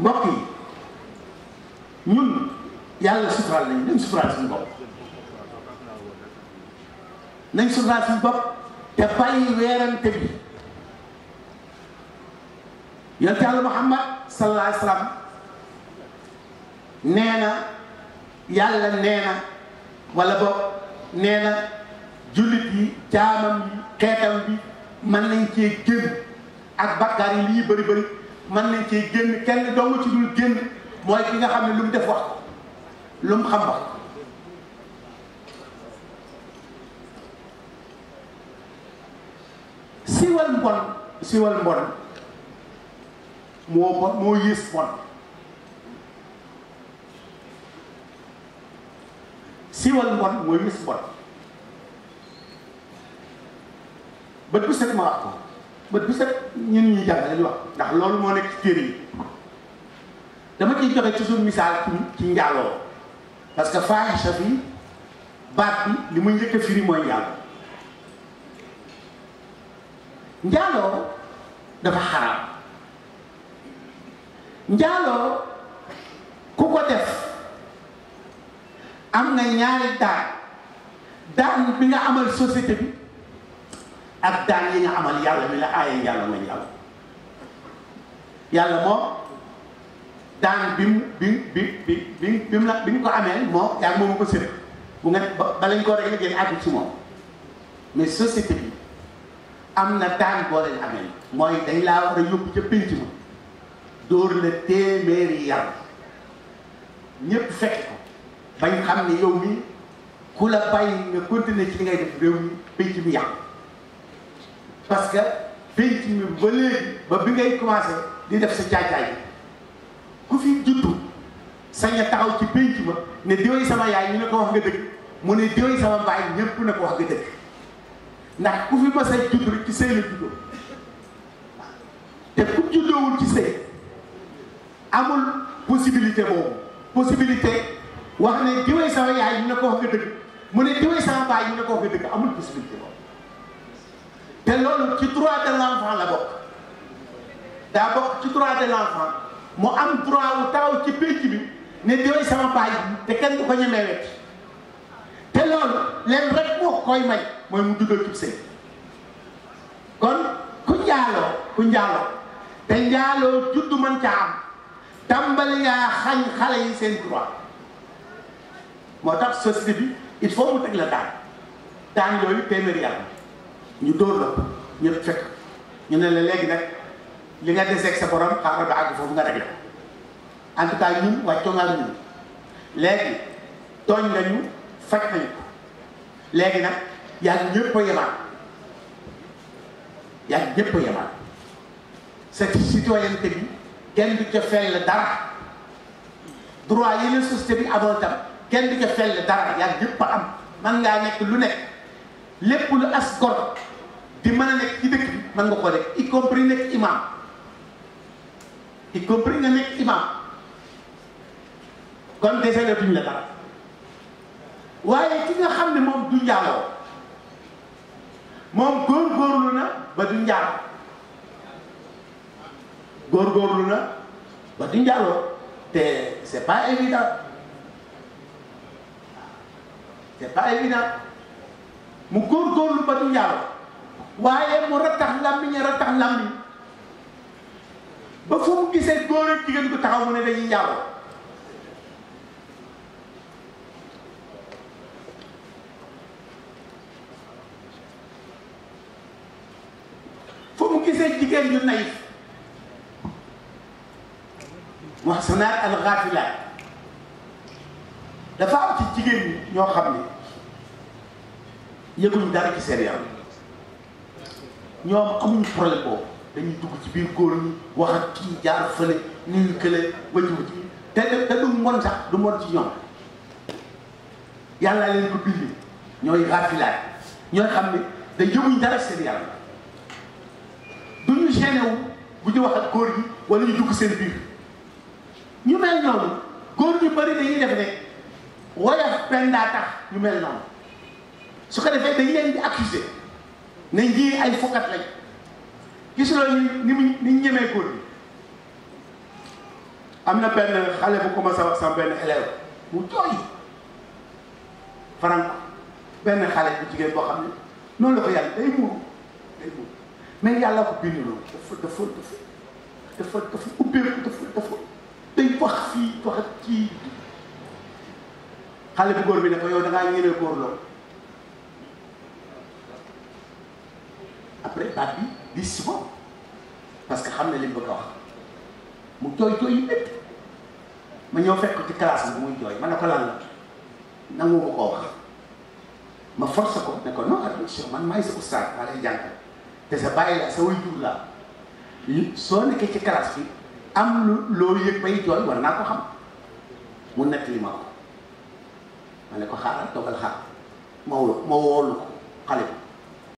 mbokk yi ñun yàlla suturaal nañu nañ suturaal suñu bopp nañ suturaal suñu bopp te bàyyi weerante bi yonent yàlla Muhammad sallallahu alayhi wa sallam nee yàlla nee na wala boog na jullit yi jaamam yi xeetam bi mën nañ cee génn ak bakkaar yi lii bëri bëri man nañ cee génn kenn dong ci dul génn mooy ki nga xam ne lu mu def wax lu mu xam wax siwal mbon siwal mbon moo yées mbon siwal mbon moo yées mbon set ma wax ko bët bu set ñun ñu jàngale ñu ndax loolu moo nekk ci téere dama ciy joxe ci suñu misaal ci njaaloo parce que faaxisa bi baat bi li muy njëkk a mooy njaaloo njaaloo dafa xaraam njaaloo ku ko def am na ñaari daan daan bi nga amal société bi ak daan yi nga amal yàlla mi la aaye njàll ma njàll yàlla moom daan bi mu bi bi bi bi mu la bi mu ko amee moom yaa ngi ko sëriñ bu nga bala ñu ko rek la génn ci moom mais société bi am na daan boo leen amee mooy dañ laa war a yóbbu ca pénc ma dóor la téeméeri yar ñëpp fekk ko bañ xam ne yow mi ku la bàyyi nga continuer ci ngay def réew mi pénc mi yàqu parce que penc mi ba léegi ba bi ngay commencé di def si caacaay ku fi juddu sañ a taxaw ci penc ma ne diwéy sama yaay ñu ne ko wax nga dëgg mu ne diwéy sama mbaay ne ko wax nga ndax ku fi mas a ci sëy la juddoo ci sëy amul possibilité boobu possibilité wax ne diwéy sama yaay ñu ne ko wax nga dëgg mu ne diwéy sama mbaay ñu ne ko wax nga dëgg amul possibilité boobu te loolu ci droit de l'enfant la bokk daa bokk ci droit de l'enfant mu am droit wu taw ci pénc bi ne diwee sama baay te kenn du ko ñemee wet te loolu leen rek moo koy may mooy mu dugal cib kon ku njaaloo ku njaaloo te njaaloo juddu mën ca am tàmbali ngaa xañ xale yi seen droit moo tax société bi il faut mu teg la daan daan yooyu téeméeri yàlla ñu dóor la ñëpp fekk ñu ne la léegi nag li nga deseeg sa borom xaaral ba àgg foofu nga réglé ko en ñun wàccoo nga ñun léegi tooñ nga faj nañu ko léegi nag yaa ngi ñëpp a yemaan yaa ngi kenn du ca fell dara droit kenn du ca fell dara yaa ngi ñëpp a am man ngaa nekk lu nekk lépp lu as gor di mën a nekk ci dëkk bi mën nga koo def y compris nekk imam y compris nga nekk imam kon desene duñu la dara ki nga xam ne moom du njaaloo moom góorgóorlu na ba du njaaloo góorgóorlu na ba du njaaloo te c'est pas évident c'est mu évident mu góorgóorlu ba du njaaloo waaye mu rattax làmmiñ a rattax ba fu mu gisee góor jigéen ko taxaw mu ne dañuy njaaloo fu mu gisee jigéen ñu nayif wax alxaafilaat dafa am ci jigéen ñi ñoo xam ne yëguñ dara ci seen ñoom amuñu problème boobu dañuy dugg ci biir góor ñi wax ak kii jaar fële nuyu kële wëccu wëccu te te du mon sax du mon ci ñoom yàlla leen ko bindi ñooy raafilaay ñooy xam ne da yëguñ dara seen yàlla du wu bu ñu wax ak góor gi wala ñu dugg seen biir ñu mel noonu góor ñu bëri dañuy def ne rek woyaf pendaa tax ñu mel noonu su ko defee dañu leen di accuser ne ñii ay fokkat lañ gis loolu ni mu ni ñemee góor bi am na benn xale bu commencé wax sama benn élève mu jooy franco benn xale bu jigéen boo xam ne noonu la ko yàlla day muur day muur mais yàlla ko ni loolu dafa dafa dafa dafa dafa ubbeeku dafa dafa day wax fii wax ak kii xale bu góor bi ne ko yow da ngaa ñemee góor loolu après baat bi di ko parce que xam ne li mu bëgg a wax mu jooy jooy yi métti ma ñëw fekk ci classe bi muy jooy ma na ko nangu ko koo wax ma force ko ne ko non attention man maay sa oustaz maa lay te sa bàyyi la sa way jur laa soo nekkee ci classe bi am lu loolu yëg bay jooy war naa ko xam ne ko xaaral toogal xale bi